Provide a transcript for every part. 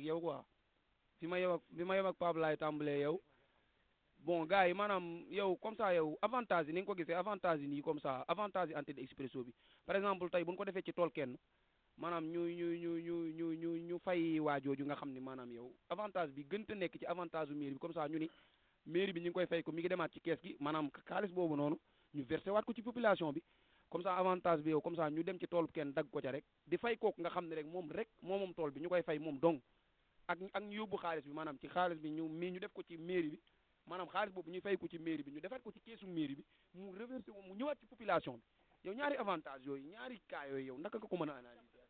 tàmbaleeg yow quoi fi ma yow ak fi ma yow ak Pape laay tàmbalee yow bon gars yi maanaam yow comme ça yow avantage yi ni nga ko gisee avantage nii comme ça avantage yi Antenne Expresso bi par exemple tey bu ñu ko defee ci tool kenn maanaam ñu ñu ñu ñu ñu ñu ñu fay waajooju nga xam ni maanaam yow avantage bi gën nekk ci avantage u mairie bi comme ça ñu ni mairie bi ñu ngi koy fay ko mi ngi demaat ci kees gi maanaam xaalis boobu noonu ñu versé waat ko population bi comme ça avantage bi yow comme ñu dem ci tool kenn dagg ko ca rek di fay kooku nga xam ne rek moom rek moo moom tool bi ñu koy fay moom dong ak ak ñu yóbbu xaalis bi maanaam ci xaalis bi ñu mais ñu def ko ci mairie bi maanaam xaalis boobu ñu fay ko ci mairie bi ñu defaat ko ci keesu mairie bi mu reversé mu ñëwaat ci population bi yow ñaari avantage yooyu ñaari cas yooyu yow naka nga ko mën a analyser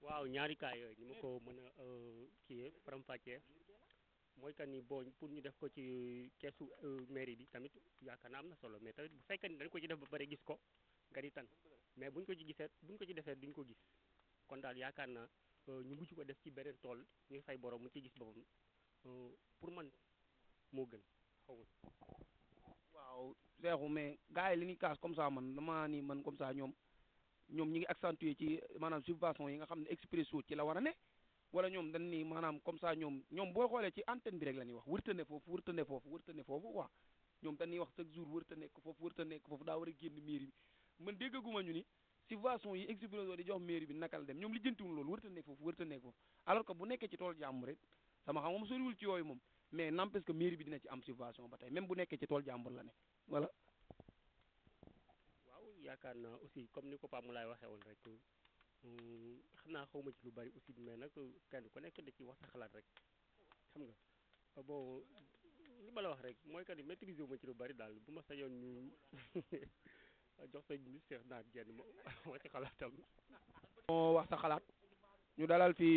waaw ñaari cas yooyu ni ma ko mën a euh, kii faram-fàccee mooy que ni boo pour ñu def ko ci keesu euh, mairie bi tamit yaakaar naa am na solo mais tamit bu fekkee ni dañ ko ci def ba pare gis ko nga di tan mais buñ ko ci bu buñ ko ci defee duñ ko gis kon daal yaakaar naa ñu mujj ko def ci beneen tool ñu fay borom mu ci gis boppam pour man moo gën xaw ma. waaw seexu mais gars yi li ñuy kaas comme ça man damaa ni man comme ça ñoom ñoom ñu ngi accentuer ci maanaam subvention yi nga xam ne Expresso ci la war a wala ñoom dañ ni maanaam comme ça ñoom ñoom boo xoolee ci antenne bi rek la ñuy wax wërtane foofu wërtane foofu wërtane foofu quoi ñoom dañuy wax chaque jour wërta nekk foofu wërta nekk foofu daa war a génn miir yi man déggaguma ñu ni subvention yi explosé di jox mairie bi naka la dem ñoom li jëntiwul loolu wërta nekk foofu wërta nekk foofu alors que bu nekkee ci tool jàmbur rek sama xam moom soriwul ci yooyu moom mais n'empêche que mairie bi dina ci am subvention ba tey même bu nekkee ci tool jàmbur la ne voilà waaw yaakaar na aussi comme ni ko Pape lay waxee woon rek mm, xam naa xawma ci lu bari aussi mais nag kenn ku nekk da ci wax sa xalaat rek xam nga bon li ma la wax rek mooy que ni maîtriser wu ma ci lu bari daal bu ma sa ñu jox sëñ bi Cheikh Naar Diène moo wax ci xalaatam moo sa xalaat ñu dalal fi